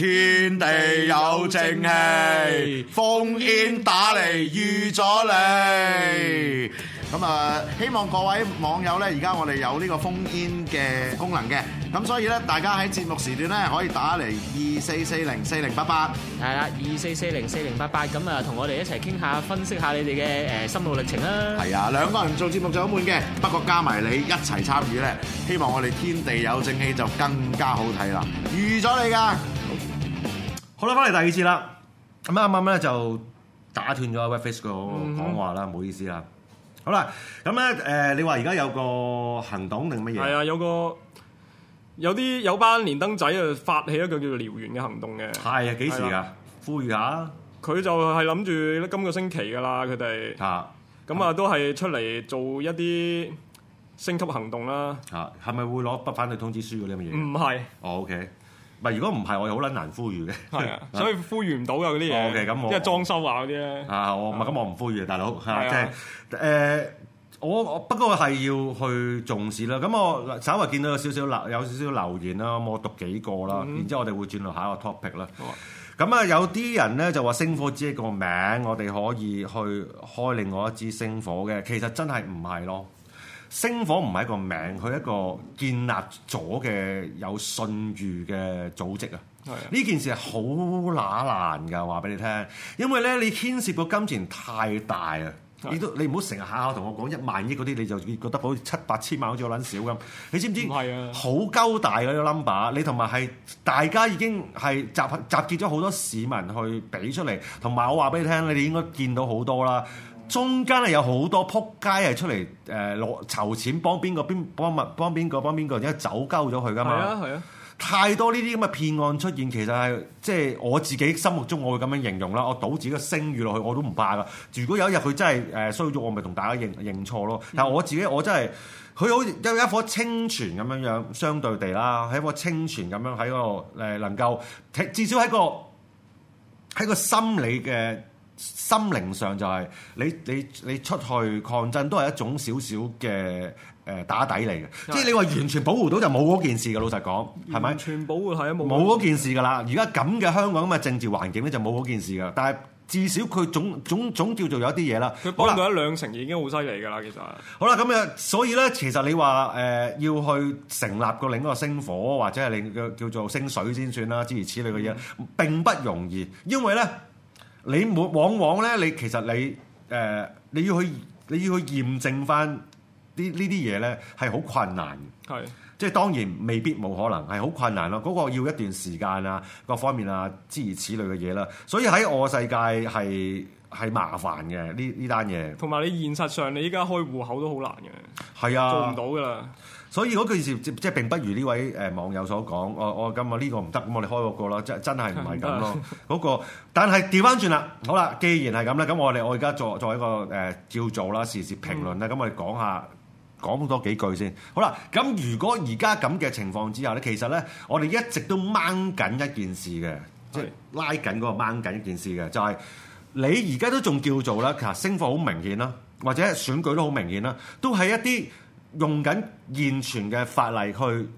天地有正氣，烽煙打嚟預咗你。咁啊，希望各位網友咧，而家我哋有呢個烽煙嘅功能嘅，咁所以咧，大家喺節目時段咧可以打嚟二四四零四零八八，係啦，二四四零四零八八，咁啊，同我哋一齊傾下分析下你哋嘅誒心路歷程啦。係啊，兩個人做節目就好悶嘅，不過加埋你一齊參與咧，希望我哋天地有正氣就更加好睇啦。預咗你噶～好啦，翻嚟第二次啦。咁啱啱咧就打斷咗阿 Red Fish 個講話啦，唔、嗯、哼好意思啦。好啦，咁咧誒，你話而家有個行動定乜嘢？係啊，有個有啲有班連登仔啊，發起一個叫做燎原嘅行動嘅。係啊，幾時噶？啊？呼籲下佢就係諗住今個星期噶啦，佢哋。啊。咁啊，都係出嚟做一啲升級行動啦。啊，係咪會攞不反對通知書嗰啲咁嘅嘢？唔係、嗯。哦、oh，OK。唔係，如果唔係，我係好撚難呼籲嘅、啊， 所以呼籲唔到嘅啲嘢，okay, 即係裝修啊嗰啲咧。我啊，我唔係咁，我唔呼籲，大佬，即係誒，我我不過我係要去重視啦。咁我稍微見到有少少留有少少留言啦，咁我讀幾個啦，嗯、然之後我哋會轉到下一個 topic 啦。咁啊，有啲人咧就話星火只係個名，我哋可以去開另外一支星火嘅，其實真係唔係咯。星火唔係一個名，佢係一個建立咗嘅有信譽嘅組織啊！呢是的 件事係好揦難㗎，話俾你聽。因為咧，你牽涉個金錢太大啊是的！你都你唔好成日下下同我講一萬億嗰啲，你就覺得好似七八千萬好似好撚少咁。你知唔知？係啊是！好鳩大嗰啲 number，你同埋係大家已經係集集結咗好多市民去俾出嚟，同埋我話俾你聽，你哋應該見到好多啦。中間係有好多撲街係出嚟誒攞籌錢幫邊個邊幫物幫邊個幫邊個，而家走鳩咗佢噶嘛？係啊係啊！太多呢啲咁嘅騙案出現，其實係即係我自己心目中，我會咁樣形容啦。我賭自己嘅聲譽落去，我都唔怕噶。如果有一日佢真係誒衰咗，呃、我咪同大家認認錯咯。嗯、但係我自己，我真係佢好似有一顆清泉咁樣樣，相對地啦，係一,一個清泉咁樣喺嗰度誒，能夠至少喺個喺個心理嘅。心靈上就係、是、你你你出去抗爭都係一種少少嘅誒打底嚟嘅，是的 即係你話完全保護到就冇嗰件事嘅，老實講係咪？完全保護係啊冇。冇嗰吧件事㗎啦，而家咁嘅香港咁嘅政治環境咧就冇嗰件事㗎。但係至少佢總總總叫做有一啲嘢啦。佢保護到一兩成已經好犀利㗎啦，其實。好啦，咁啊，所以咧，其實你話誒、呃、要去成立個另一個星火，或者係你叫叫做星水先算啦，諸如此類嘅嘢，並不容易，因為咧。你冇往往咧，你其實你誒、呃、你要去你要去驗證翻啲呢啲嘢咧，係好困難嘅。是的 即係當然未必冇可能，係好困難咯。嗰個要一段時間啊，各方面啊，諸如此類嘅嘢啦。所以喺我世界係係麻煩嘅呢呢單嘢。同埋你現實上，你依家開戶口都好難嘅，係啊，做唔到噶啦。所以嗰件事即係並不如呢位誒、呃、網友所講，哦哦、這這我我咁我呢個唔得，咁我哋開個個啦，真真係唔係咁咯。嗰、 那個，但係調翻轉啦，好啦，既然係咁咧，咁我哋我而家作為一個誒叫、呃、做啦，時時評論咧，咁、嗯、我哋講下講多幾句先。好啦，咁如果而家咁嘅情況之下咧，其實咧我哋一直都掹緊一件事嘅，是即係拉緊嗰、那個掹緊一件事嘅，就係、是、你而家都仲叫做咧，其實勝負好明顯啦，或者選舉都好明顯啦，都係一啲，用緊現存嘅法例去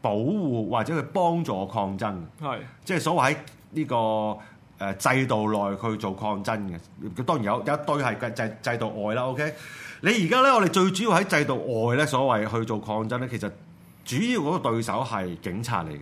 保護或者去幫助抗爭，係是即係所謂喺呢個誒制度內去做抗爭嘅。當然有有一堆係制制度外啦。OK，你而家咧，我哋最主要喺制度外咧，所謂去做抗爭咧，其實主要嗰個對手係警察嚟嘅。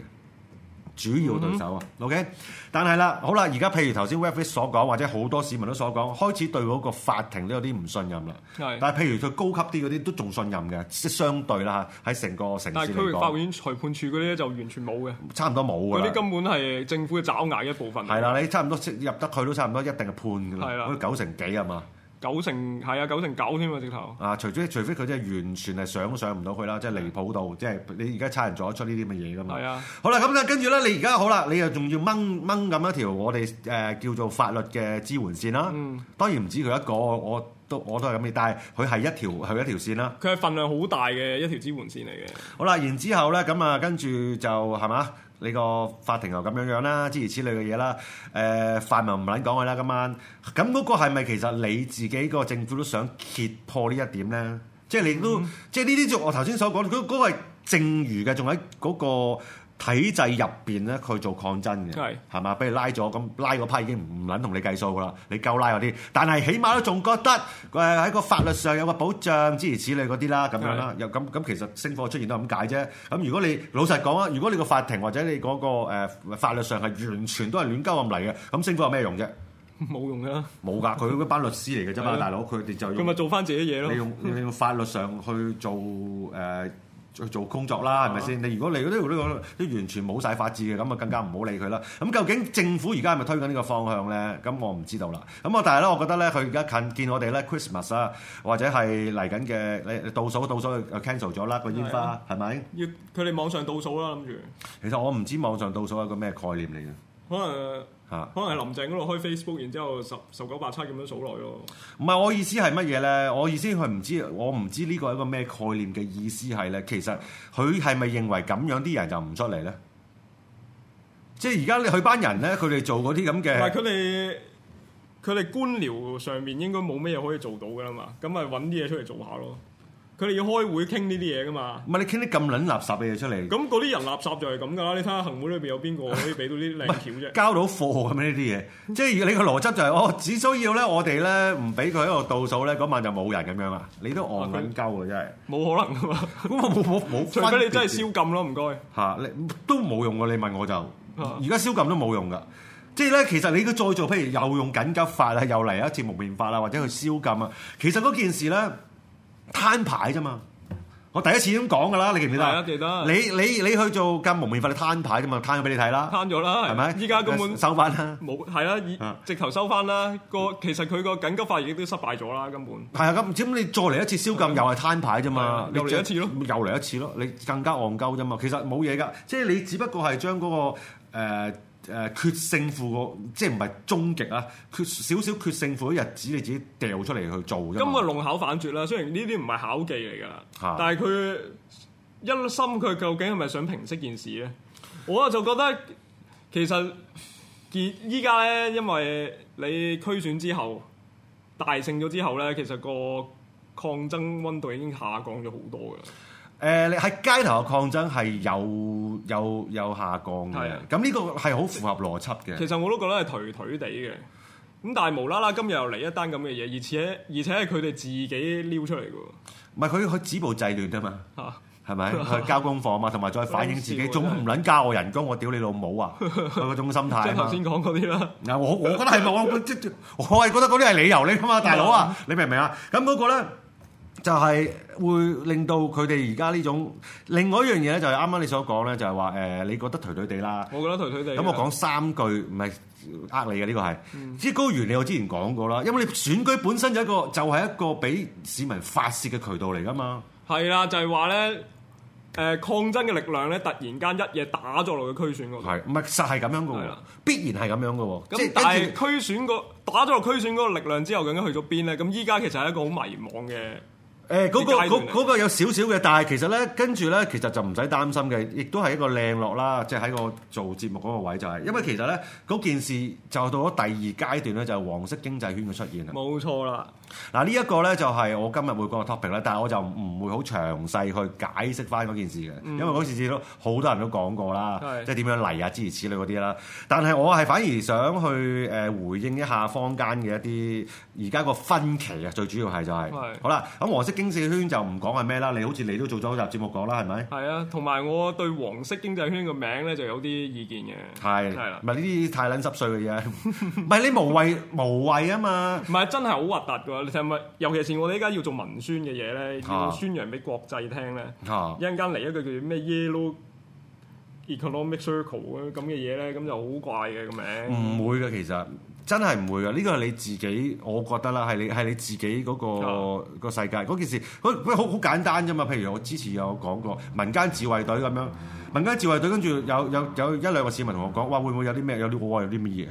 主要對手啊、嗯、哼，OK？但係啦，好啦，而家譬如頭先 Webb 所講，或者好多市民都所講，開始對嗰個法庭都有啲唔信任啦。係，是的 但係譬如佢高級啲嗰啲都仲信任嘅，即係相對啦嚇，喺成個城市嚟講。區域法院裁判處嗰啲就完全冇嘅，差唔多冇嘅。嗰啲根本係政府嘅爪牙一部分嚟。係啦，你差唔多入得去都差唔多一定係判㗎啦，好似是的 的九成幾呀嘛。九成係啊，九成九添啊！直頭啊，除非除非佢真係完全係想都上想唔到去啦，即係離譜到，即係你而家差人做得出呢啲咁嘅嘢㗎嘛？係啊！好啦，咁啊，跟住咧，你而家好啦，你又仲要掹掹咁一條我哋誒、呃、叫做法律嘅支援線啦。嗯，當然唔止佢一個，我都我都係咁嘅，但係佢係一條係、嗯、一條線啦。佢係份量好大嘅一條支援線嚟嘅。好啦，然之後咧，咁啊，跟住就係嘛？你個法庭又咁樣樣啦，諸如此類嘅嘢啦，誒泛民唔撚講佢啦，今晚咁嗰、那個係咪其實你自己個政府都想揭破呢一點咧、嗯？即係你都即係呢啲，就我頭先所講，嗰嗰個係剩餘嘅，仲喺嗰個。那個體制入邊咧，佢做抗爭嘅，係嘛是的？比如拉咗咁拉嗰批已經唔唔撚同你計數噶啦，你夠拉嗰啲，但係起碼都仲覺得誒喺、呃、個法律上有個保障諸如此類嗰啲啦，咁樣啦，又咁咁其實星火出現都係咁解啫。咁如果你老實講啊，如果你個法庭或者你嗰、那個、呃、法律上係完全都係亂鳩咁嚟嘅，咁星火有咩用啫？冇用噶、啊，冇噶，佢嗰班律師嚟嘅啫嘛， 大佬佢哋就佢咪做翻自己嘢咯？ 你用你用法律上去做誒。呃去做工作啦，係咪先？你、啊、如果你呢呢、呢個都完全冇晒法治嘅，咁啊更加唔好理佢啦。咁究竟政府而家係咪推緊呢個方向咧？咁我唔知道啦。咁我但係咧，我覺得咧，佢而家近見我哋咧 Christmas 啊，或者係嚟緊嘅，你倒數倒數又 cancel 咗啦個煙花係咪？要佢哋網上倒數啦，諗住。其實我唔知網上倒數係個咩概念嚟嘅。可能。啊！可能林鄭嗰度開 Facebook，然之後十十九八七咁樣數落咯。唔係，我意思係乜嘢咧？我意思佢唔知，我唔知呢個係一個咩概念嘅意思係咧。其實佢係咪認為咁樣啲人就唔出嚟咧？即係而家你佢班人咧，佢哋做嗰啲咁嘅，佢哋佢哋官僚上面應該冇咩嘢可以做到噶啦嘛，咁咪揾啲嘢出嚟做下咯。佢哋要開會傾呢啲嘢噶嘛，唔係你傾啲咁撚垃圾嘅嘢出嚟，咁嗰啲人垃圾就係咁噶啦！你睇下行會裏面有邊個可以俾到啲靚橋啫，交到貨咁呢啲嘢， 即係如果你個邏輯就係、是、哦，只需要咧，我哋咧唔俾佢喺度倒數咧，嗰、那個、晚就冇人咁樣啦。你都戇撚交啊！真係冇可能，噶嘛。咁我冇冇冇。除非你真係宵禁咯，唔該嚇，都冇用㗎。你問我就，而家宵禁都冇用噶。即係咧，其實你都再做譬如又用緊急法啊，又嚟一次蒙面法啊，或者去宵禁啊，其實嗰件事咧，攤牌啫嘛，我第一次咁講噶啦，你記唔記得？記得，你你你去做禁蒙面法，你攤牌啫嘛，攤咗俾你睇啦。攤咗啦，係咪？依家根本收翻啦，冇係啦，直頭收翻啦。個其實佢個緊急法已經都失敗咗啦，根本。係啊，咁點解你再嚟一次宵禁的又係攤牌啫嘛？的你又嚟一次咯，又嚟一次咯，你更加戇鳩啫嘛。其實冇嘢噶，即係你只不過係將嗰個，呃誒、呃、決勝負即係唔係終極啊！缺少少缺勝負嘅日子你自己掉出嚟去做。咁啊，弄巧反拙啦！雖然呢啲唔係巧技嚟㗎、啊、但係佢一心佢究竟係咪想平息件事咧？我啊就覺得其實見依家咧，因為你區選之後大勝咗之後咧，其實個抗爭溫度已經下降咗好多㗎啦。誒，喺街頭嘅抗爭係有有有下降嘅，咁呢個係好符合邏輯嘅。其實我都覺得係頹頹地嘅，咁但係無啦啦今日又嚟一單咁嘅嘢，而且而且係佢哋自己撩出嚟嘅。唔係佢佢止暴制亂啊嘛，吓係咪佢交功課啊嘛，同埋再反映自己，仲唔捻加我人工，我屌你老母啊！佢嗰種心態啊嘛。即係頭先講嗰啲啦。我我覺得係咪？我即即我係覺得嗰啲係理由嚟噶嘛，大佬啊，你明唔明啊？咁嗰個咧。就係會令到佢哋而家呢種另外一樣嘢咧，就係啱啱你所講咧，就係話誒，你覺得頹頹地啦。我覺得頹頹地。咁、嗯、我講三句，唔係呃你嘅呢、呢個係。即、嗯、高官，你我之前講過啦，因為你選舉本身就一個，就係、是、一個俾市民發泄嘅渠道嚟噶嘛。係啦、啊，就係話咧，誒、呃、抗爭嘅力量咧，突然間一夜打咗落去區選嗰度。係、啊，唔係實係咁樣嘅喎，啊、必然係咁樣嘅喎。咁但係區選個打咗落區選嗰個力量之後，究竟去咗邊咧？咁依家其實係一個好迷茫嘅。誒嗰個有少少嘅，但係其實咧跟住咧，其實就唔使擔心嘅，亦都係一個靚落啦，即係喺我做節目嗰個位就係、是，因為其實咧嗰件事就到咗第二階段咧，就是、黃色經濟圈嘅出現啦。冇錯啦，嗱呢一個咧就係、是、我今日會講個 topic 咧，但係我就唔會好詳細去解釋翻嗰件事嘅，嗯、因為嗰次次都好多人都講過啦，對即係點樣嚟啊之如此類嗰啲啦。但係我係反而想去誒回應一下坊間嘅一啲而家個分歧啊，最主要係就係、是、是好啦，咁黃色經濟圈就唔講係咩啦，你好似你都做咗好集節目講啦，係咪？係啊，同埋我對黃色經濟圈嘅名咧就有啲意見嘅。係係啦，唔係呢啲太撚濕碎嘅嘢。唔 係你無謂是無謂啊嘛。唔係真係好核突嘅你係咪？尤其是我哋依家要做文宣嘅嘢咧，要、啊、宣揚俾國際聽咧，一陣間嚟一個叫做咩 Yellow Economic Circle 咁嘅嘢咧，咁就好怪嘅、個名。唔會嘅其實。真係唔會啊。呢個係你自己，我覺得啦，係你係你自己嗰、個個、啊、世界嗰件事，好好好簡單啫嘛。譬如我之前有講過民間自衞隊咁樣，嗯、民間自衞隊跟住有有有一，有有一兩個市民同我講，哇，會唔會有啲咩，有啲哇有啲乜嘢？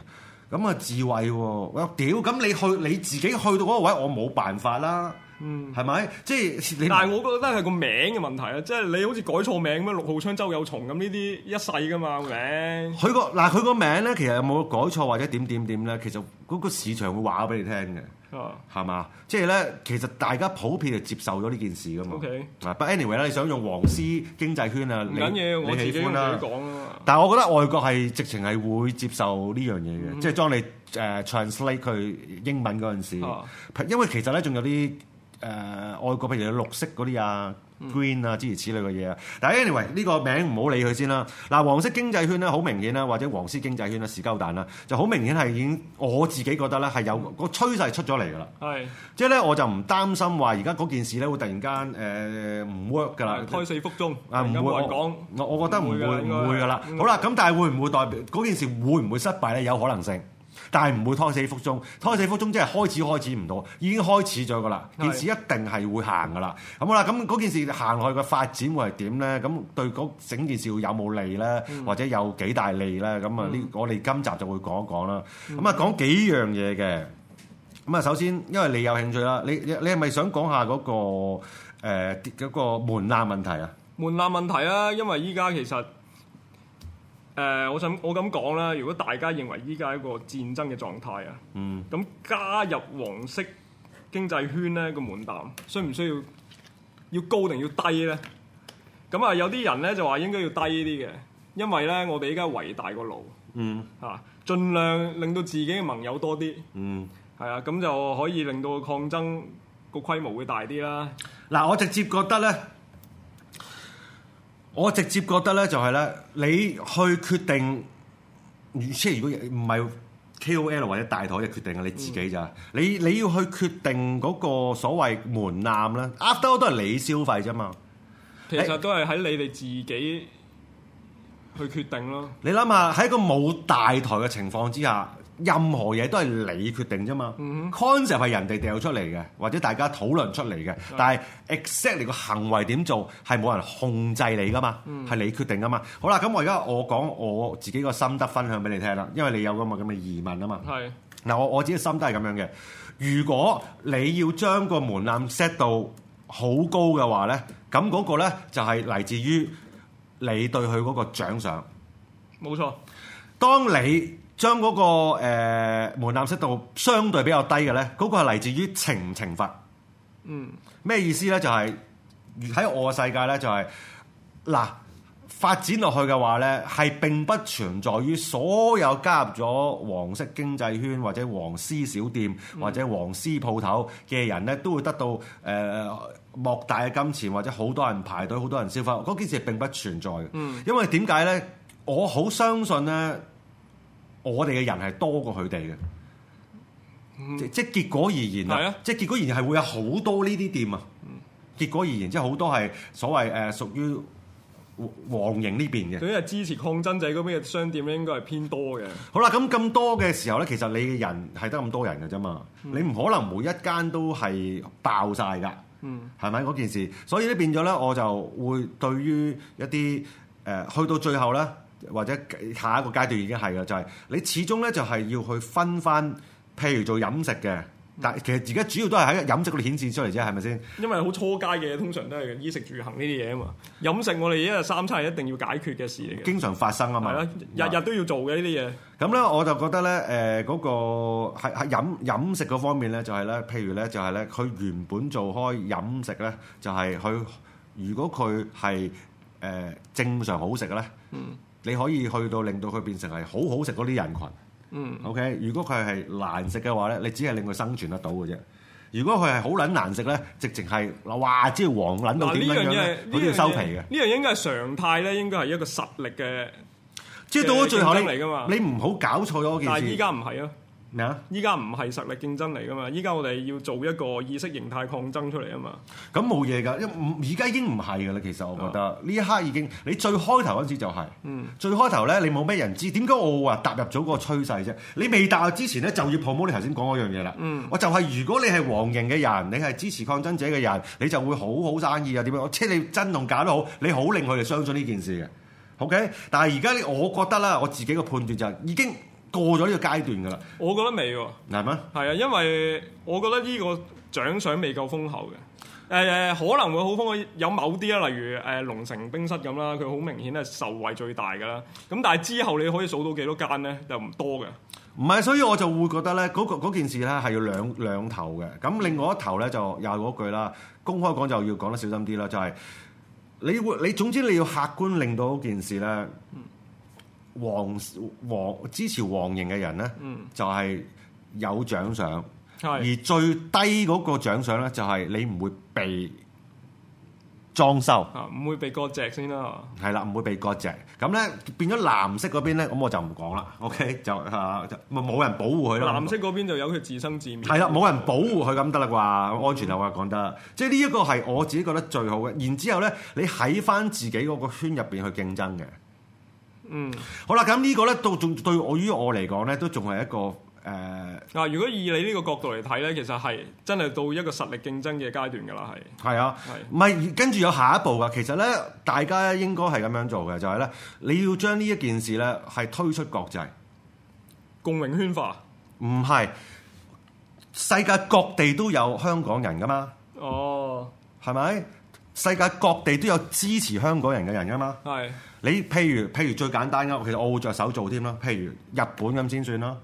咁啊自衞喎，我屌，咁你去你自己去到嗰個位，我冇辦法啦。嗯，係咪？即係，但係我覺得係個名嘅問題啊！即、就、係、是、你好似改錯名咩？啊，六號槍周有松咁呢啲一世噶嘛，佢個嗱佢個名咧，其實有冇改錯或者點點點咧？其實嗰個市場會話俾你聽嘅。哦、啊，係嘛？即係咧，其實大家普遍係接受咗呢件事噶嘛。O K、啊。嗱、okay，but anyway 咧，你想用黃絲經濟圈啊？唔緊要，我自己講、啊、但係我覺得外國係直情係會接受呢樣嘢嘅，嗯、即係將你誒、uh, translate 佢英文嗰陣時，嗯、因為其實咧仲有啲。誒外國譬如綠色嗰啲啊、嗯、green 啊諸如此類嘅嘢啊，但係 anyway 呢個名唔好理佢先啦。嗱，黃色經濟圈咧好明顯啦，或者黃絲經濟圈啦屎鳩蛋啦，就好明顯係已經我自己覺得咧係有個趨勢出咗嚟噶啦。係，即係咧我就唔擔心話而家嗰件事咧會突然間誒唔 work 噶啦，呃、胎死腹中啊唔會講，我我覺得唔會唔會噶啦。嗯、好啦，咁但係會唔會代表嗰件事會唔會失敗咧？有可能性。但係唔會拖死腹中，拖死腹中即係開始開始唔到，已經開始咗噶啦。件事一定係會行噶啦，咁是 好啦，咁嗰件事行落去嘅發展會係點咧？咁對整件事有冇利咧？嗯、或者有幾大利咧？咁啊，呢我哋今集就會講一講啦。咁啊，講幾樣嘢嘅。咁啊，首先因為你有興趣啦，你你係咪想講下嗰、嗰個誒嗰、呃嗰個門檻問題啊？門檻問題啊，因為依家其實。誒、呃，我想我咁講啦。如果大家認為依家一個戰爭嘅狀態啊，咁、嗯、加入黃色經濟圈呢個門檻，需唔需要要高定要低呢？咁啊，有啲人呢就話應該要低一啲嘅，因為呢我哋依家圍大個爐，嚇、嗯，儘、啊、量令到自己嘅盟友多啲，係、嗯、啊，咁就可以令到抗爭個規模會大啲啦。嗱，我直接覺得呢。我直接覺得咧就係咧，你去決定，即係如果唔係 KOL 或者大台嘅決定啊，你自己咋？嗯、你你要去決定嗰個所謂門檻咧，壓得多都係你消費啫嘛。其實都係喺你哋自己去決定咯，你想想。你諗下喺個冇大台嘅情況之下。任何嘢都係你決定啫嘛，concept 係人哋掉出嚟嘅，或者大家討論出嚟嘅。嗯、但係 except 你個行為點做係冇人控制你噶嘛，係、嗯、你決定噶嘛。好啦，咁我而家我講我自己個心得分享俾你聽啦，因為你有咁嘅咁嘅疑問啊嘛。係嗱是，我我自己心得係咁樣嘅。如果你要將個門檻 set 到好高嘅話咧，咁嗰個咧就係嚟自於你對佢嗰個獎賞。冇錯，當你。將嗰、那個誒、呃、門檻適度相對比較低嘅呢，嗰、那個係嚟自於懲唔懲罰。嗯，咩意思呢？就係、是、喺我嘅世界呢，就係、是、嗱發展落去嘅話呢，係並不存在於所有加入咗黃色經濟圈或者黃絲小店、嗯、或者黃絲鋪頭嘅人呢，都會得到誒、呃、莫大嘅金錢或者好多人排隊好多人消費嗰件事並不存在。嗯，因為點解呢？我好相信呢。我哋嘅人係多過佢哋嘅，嗯、即即結果而言啦，即結果而言係會有好多呢啲店啊。結果而言，即好多係所謂誒、呃、屬於黃營呢邊嘅。總之係支持抗爭仔嗰邊嘅商店咧，應該係偏多嘅。好啦，咁咁多嘅時候咧，嗯、其實你嘅人係得咁多人嘅啫嘛，嗯、你唔可能每一間都係爆曬㗎，係咪？嗰件事。所以咧變咗咧，我就會對於一啲誒、呃、去到最後咧。或者下一個階段已經係噶，就係、是、你始終咧，就係要去分翻。譬如做飲食嘅，但其實而家主要都係喺飲食嗰度顯示出嚟啫，係咪先？因為好初階嘅，通常都係衣食住行呢啲嘢啊嘛。飲食我哋一日三餐係一定要解決嘅事嚟嘅，經常發生啊嘛。係日日都要做嘅呢啲嘢。咁咧，我就覺得咧，誒、呃、嗰、那個喺喺飲飲食嗰方面咧，就係、是、咧，譬如咧，就係、是、咧，佢原本做開飲食咧，就係、是、佢如果佢係誒正常好食嘅咧，嗯。你可以去到令到佢變成係好好食嗰啲人群。嗯，OK。如果佢係難食嘅話咧，你只係令佢生存得到嘅啫。如果佢係好撚難食咧，直情係哇，即係黃撚到點樣樣咧，好似、啊、要收皮嘅。呢樣應該係常態咧，應該係一個實力嘅，即係到咗最後咧，你唔好搞錯咗件事。依家唔係啊。咩依家唔係實力競爭嚟噶嘛？依家我哋要做一個意識形態抗爭出嚟啊嘛！咁冇嘢噶，因而家已經唔係噶啦。其實我覺得呢、啊、一刻已經，你最開頭嗰陣時就係、是，嗯，最開頭咧，你冇咩人知點解我話踏入咗嗰個趨勢啫？你未踏入之前咧，嗯、就要 promote，你頭先講嗰樣嘢啦，嗯，我就係如果你係黃營嘅人，你係支持抗爭者嘅人，你就會好好生意啊？點樣？我即係你真同假都好，你好令佢哋相信呢件事嘅，OK？但係而家我覺得啦，我自己嘅判斷就係已經。過咗呢個階段㗎啦，我覺得未喎，係咩？係啊，因為我覺得呢個獎賞未夠豐厚嘅。誒、呃、誒，可能會好豐厚，有某啲啊，例如誒、呃、龍城冰室咁啦，佢好明顯係受惠最大㗎啦。咁但係之後你可以數到幾多間咧，又唔多嘅。唔係，所以我就會覺得咧，嗰件事咧係要兩兩頭嘅。咁另外一頭咧就又係嗰句啦，公開講就要講得小心啲啦，就係、是、你會你總之你要客觀令到件事咧。嗯黃黃支持黃營嘅人咧，嗯、就係有獎賞，是的 而最低嗰個獎賞咧，就係你唔會被裝修、啊，唔會被割蓆先啦。係啦，唔會被割蓆。咁咧變咗藍色嗰邊咧，咁我就唔講啦。OK，就啊，冇、啊、人保護佢啦。藍色嗰邊就有佢自生自滅對。係啦，冇人保護佢咁得啦啩？安全啊，我又講得，即係呢一個係我自己覺得最好嘅。然後之後咧，你喺翻自己嗰個圈入邊去競爭嘅。嗯好，好啦，咁呢個咧，到仲對我於我嚟講咧，都仲係一個誒。嗱、呃，如果以你呢個角度嚟睇咧，其實係真係到一個實力競爭嘅階段噶啦，係。係啊，係。唔係跟住有下一步噶，其實咧，大家應該係咁樣做嘅，就係咧，你要將呢一件事咧，係推出國際，共榮圈化。唔係，世界各地都有香港人噶嘛。哦。係咪？世界各地都有支持香港人嘅人噶嘛？係，你譬如譬如最簡單嘅，其實我會着手做添咯。譬如日本咁先算咯。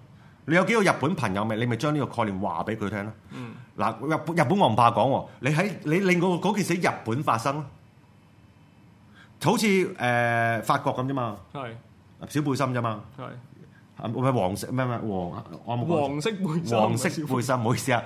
你有幾個日本朋友咪？你咪將呢個概念話俾佢聽咯。嗯。嗱，日日本我唔怕講，你喺你令個嗰件事喺日本發生咯。好似誒法國咁啫嘛。係。小背心啫嘛。係。係咪黃色？咩咩黃？我冇。黃色背黃色背心，唔好意思啊。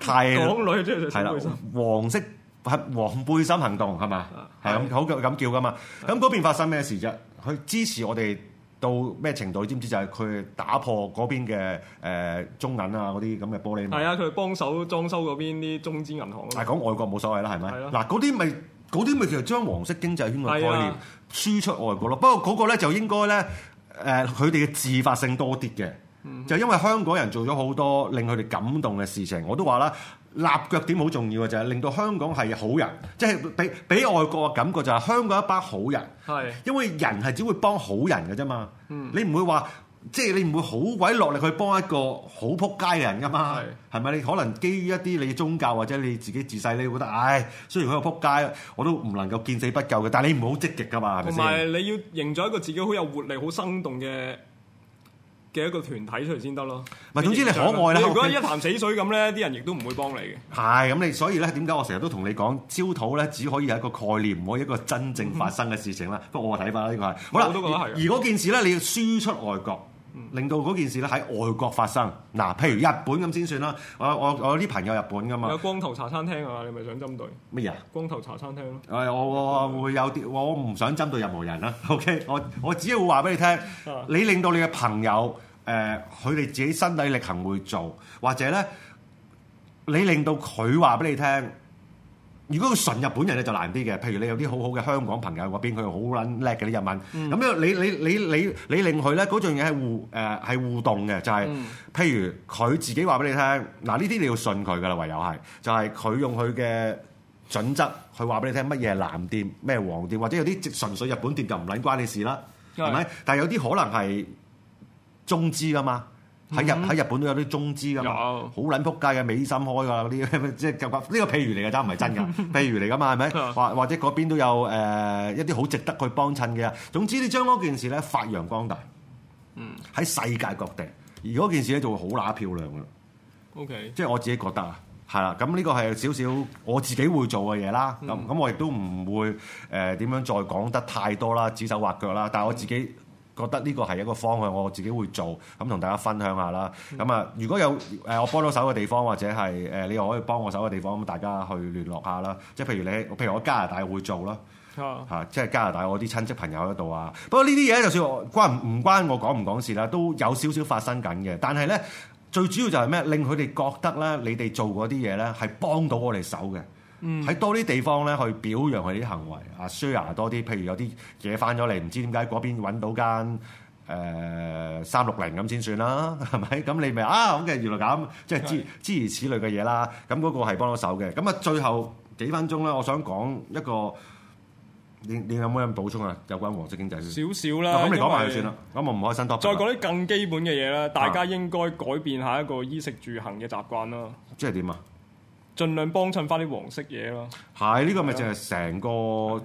港女即係小背心。係啦，黃色。係黃背心行動係的嘛？係咁好嘅咁叫㗎嘛？咁嗰邊發生咩事啫？佢支持我哋到咩程度？你知唔知？就係佢打破嗰邊嘅誒、呃、中銀啊嗰啲咁嘅玻璃門。係啊，佢幫手裝修嗰邊啲中資銀行。係講外國冇所謂啦，係咪？嗱，嗰啲咪嗰啲咪其實將黃色經濟圈嘅概念輸出外國咯。的不過嗰個咧就應該咧誒，佢哋嘅自發性多啲嘅，嗯、哼就因為香港人做咗好多令佢哋感動嘅事情。我都話啦。立腳點好重要嘅，就係令到香港係好人，即係俾俾外國嘅感覺就係、是、香港一班好人。係是，因為人係只會幫好人嘅啫嘛。嗯，你唔會話，即、就、係、是、你唔會好鬼落力去幫一個好撲街嘅人噶嘛？係咪是？你可能基於一啲你宗教或者你自己自細你會覺得，唉，雖然佢有撲街，我都唔能夠見死不救嘅。但係你唔好積極噶嘛，係咪有嗎，你要營造一個自己好有活力、好生動嘅。嘅一個團體出嚟先得咯。唔係總之你可愛啦。如果一潭死水咁咧，啲聽人亦都唔會幫你嘅。係咁你，所以咧點解我成日都同你講焦土咧，只可以係一個概念，唔可以一個真正發生嘅事情， 事情啦。不過我嘅睇法啦，呢個係好啦。我都覺得係。而嗰件事咧，你要輸出外國。令到嗰件事咧喺外國發生，嗱，譬如日本咁先算啦。我我我啲朋友日本噶嘛，有光頭茶餐廳啊，你咪想針對乜嘢啊？光頭茶餐廳咯、啊。誒，我我會有啲，我唔想針對任何人啦。OK，我我只要話俾你聽，你令到你嘅朋友誒，佢哋自己身體力行會做，或者咧，你令到佢話俾你聽。如果佢純日本人咧就難啲嘅，譬如你有啲好好嘅香港朋友話畀佢好撚叻嘅啲日文，咁樣、嗯、你你你你你令佢咧嗰樣嘢係互誒係、呃、互動嘅，就係、係嗯、譬如佢自己話畀你聽，嗱呢啲你要信佢噶啦，唯有係就係、係、佢用佢嘅準則去話畀你聽乜嘢係藍店，咩黃店，或者有啲純粹日本店就唔撚關你事啦，係咪對？但係有啲可能係中資噶嘛。喺日喺日本都有啲中資㗎嘛，好撚撲街嘅美心開㗎啲即係呢個譬如嚟嘅，而唔係真嘅，譬如嚟㗎嘛，係咪？ 或或者嗰邊都有誒、呃、一啲好值得去幫襯嘅。總之，你將嗰件事咧發揚光大，嗯，喺世界各地，而嗰件事咧就會好乸漂亮㗎。OK，即係我自己覺得啊，係啦。咁呢個係少少我自己會做嘅嘢啦。咁咁，我亦都唔會誒點樣再講得太多啦，指手畫腳啦。但係我自己，嗯覺得呢個係一個方向，我自己會做，咁同大家分享下啦。咁啊，如果有誒、呃、我幫到手嘅地方，或者係誒、呃、你又可以幫我手嘅地方，咁大家去聯絡下啦。即係譬如你，譬如我加拿大會做啦，嚇、哦啊，即係加拿大我啲親戚朋友喺度啊。不過呢啲嘢就算我關唔關我講唔講事啦，都有少少發生緊嘅。但係咧，最主要就係咩令佢哋覺得咧，你哋做嗰啲嘢咧係幫到我哋手嘅。喺、嗯、多啲地方咧，去表揚佢啲行為，啊 share 多啲，譬如有啲嘢翻咗嚟，唔知點解嗰邊揾到間誒三六零咁先算啦，係咪？咁你咪啊，好嘅，原來咁，即係是諸諸如此類嘅嘢啦。咁嗰個係幫到手嘅。咁啊，最後幾分鐘咧，我想講一個，你你有冇有補充啊？有關黃色經濟少少啦。咁你講埋為就算啦，咁我唔開新 topic 再講啲更基本嘅嘢啦，大家應該改變下一個衣食住行嘅習慣啦、啊。即係點啊？儘量幫襯翻啲黃色嘢咯，係呢、這個咪就係成個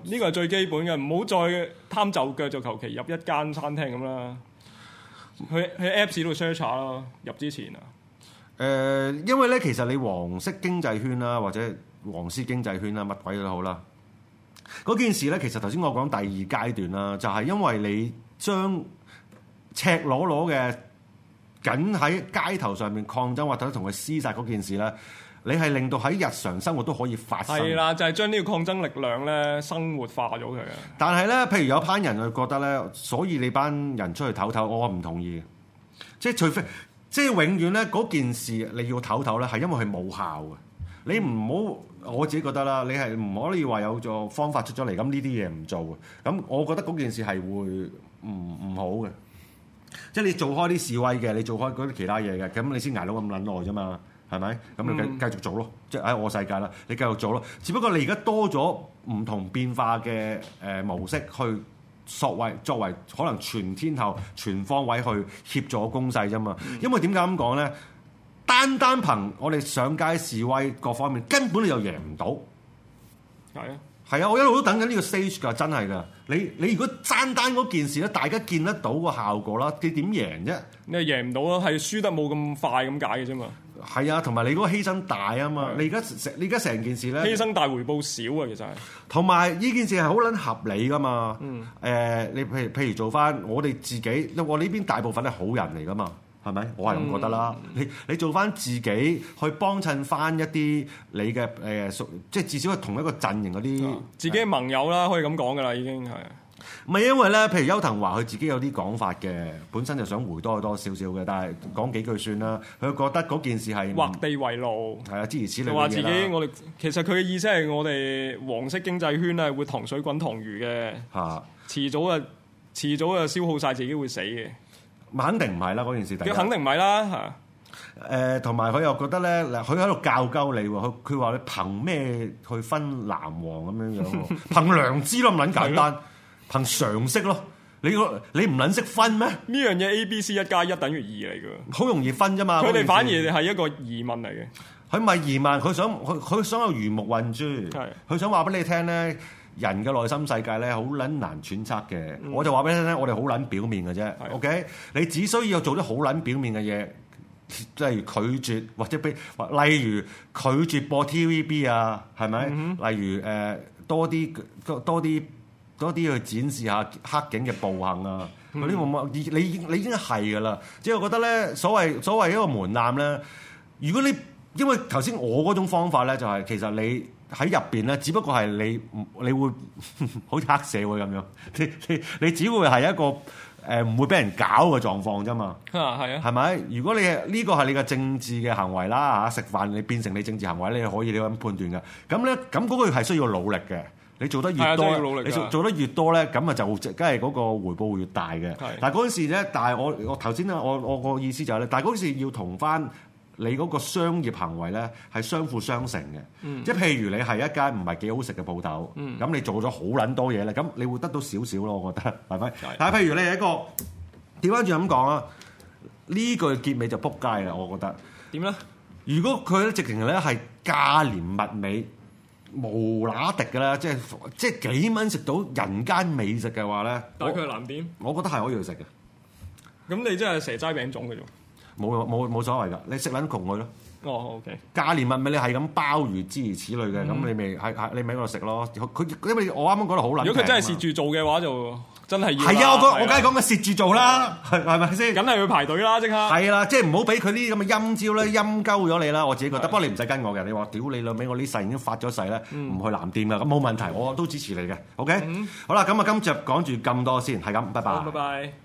呢個係最基本嘅，唔好再貪就腳就腳就求其入一間餐廳咁啦。去去 Apps 度 search 下咯，入之前啊。誒、呃，因為咧，其實你黃色經濟圈啦，或者黃絲經濟圈啊，乜鬼都好啦。嗰件事咧，其實頭先我講第二階段啦，就係、是、因為你將赤裸裸嘅緊喺街頭上面抗爭或者同佢廝殺嗰件事咧。你係令到喺日常生活都可以發生。係啦，就係將呢個抗爭力量咧生活化咗佢。但係咧，譬如有班人佢覺得咧，所以你班人出去唞唞，我唔同意。即係除非，即係永遠咧嗰件事，你要唞唞咧，係因為佢冇效嘅。你唔好，我自己覺得啦，你係唔可以話有個方法出咗嚟，咁呢啲嘢唔做嘅。咁我覺得嗰件事係會唔唔好嘅。即係你做開啲示威嘅，你做開嗰啲其他嘢嘅，咁你先捱到咁撚耐啫嘛。係咪？咁你繼繼續做咯，嗯、即係喺我世界啦。你繼續做咯，只不過你而家多咗唔同變化嘅誒、呃、模式去作為作為可能全天候全方位去協助攻勢啫嘛。嗯、因為點解咁講咧？單單憑我哋上街示威各方面，根本你又贏唔到。係啊，係啊，我一路都等緊呢個 stage 噶，真係噶。你你如果單單嗰件事咧，大家見得到個效果啦，你點贏啫？你係贏唔到咯，係輸得冇咁快咁解嘅啫嘛。係啊，同埋你嗰個犧牲大啊嘛！的你而家成你而家成件事咧，犧牲大回報少啊，其實係。同埋呢件事係好撚合理噶嘛？誒、嗯呃，你譬如譬如做翻我哋自己，我呢邊大部分係好人嚟噶嘛？係咪？我係咁覺得啦。嗯、你你做翻自己去幫襯翻一啲你嘅誒屬，即係至少係同一個陣營嗰啲自己嘅盟友啦，可以咁講噶啦，已經係。咪因為咧，譬如邱騰華佢自己有啲講法嘅，本身就想回多多少少嘅，但係講幾句算啦。佢覺得嗰件事係畫地為牢，係啊，諸如此類。就話自己我哋其實佢嘅意思係我哋黃色經濟圈咧會糖水滾湯丸嘅，嚇，遲早啊，遲早啊，消耗晒自己會死嘅，肯定唔係啦嗰件事，佢肯定唔係啦嚇。誒，同埋佢又覺得咧，佢喺度教鳩你喎，佢佢話你憑咩去分藍黃咁樣樣？ 憑良知咯，咁撚簡單。憑常識咯，你你唔撚識分咩？呢樣嘢 A、B、C 一加一等於二嚟嘅，好容易分啫嘛！佢哋反而係一個疑問嚟嘅。佢唔係疑問，佢想佢佢想用魚目混珠。係的，佢想話俾你聽咧，人嘅內心世界咧好撚難揣測嘅、嗯。我就話俾你聽，我哋好撚表面嘅啫。的 OK，你只需要做啲好撚表面嘅嘢，即係拒絕或者俾例如拒絕播 TVB 啊，係咪？嗯、哼例如誒、呃、多啲多啲。多多啲去展示下黑警嘅暴行啊！嗰啲冇冇？你你你已經係噶啦！即係我覺得咧，所謂所謂一個門檻咧，如果你因為頭先我嗰種方法咧，就係、是、其實你喺入邊咧，只不過係你你會 好似黑社會咁樣，你你你只會係一個誒唔、呃、會俾人搞嘅狀況啫嘛。啊，係啊，係咪？如果你呢個係你嘅政治嘅行為啦嚇，食飯你變成你政治行為，你可以你咁判斷嘅。咁咧，咁、那、嗰個係需要努力嘅。你做得越多，就是、努力你做得越多咧，咁啊就即係嗰個回報會越大嘅是的。但係嗰陣時咧，但係我我頭先咧，我我個意思就係、是、咧，但係嗰時要同翻你嗰個商業行為咧係相輔相成嘅。嗯、即係譬如你係一間唔係幾好食嘅鋪頭，咁、嗯、你做咗好撚多嘢咧，咁你會得到少少咯，我覺得係咪？但係譬如你係一個掉翻轉咁講啊，呢句結尾就撲街啦，我覺得。點咧？如果佢直情咧係價廉物美。無喇㗎啦，即係即係幾蚊食到人間美食嘅話咧，大概係南邊，我覺得係可以去食嘅。咁你真係蛇齋餅糭嘅啫？冇冇冇所謂㗎，你食撚窮佢咯。哦，OK。價廉物美，你係咁鮑魚之如此類嘅，咁、嗯、你咪喺喺你咪嗰度食咯。佢因為我啱啱講得好難。如果佢真係蝕住做嘅話就。真係係啊！我講我梗係講緊蝕住做啦，係咪先？梗係要排隊啦，即刻。係啦，即係唔好俾佢啲咁嘅陰招咧，陰鳩咗你啦！我自己覺得，不過你唔使跟我嘅，你話屌你老味，我呢世已經發咗誓咧，唔去藍店噶，咁冇問題，我都支持你嘅。OK，好啦，咁啊，今集講住咁多先，係咁，拜拜，拜拜。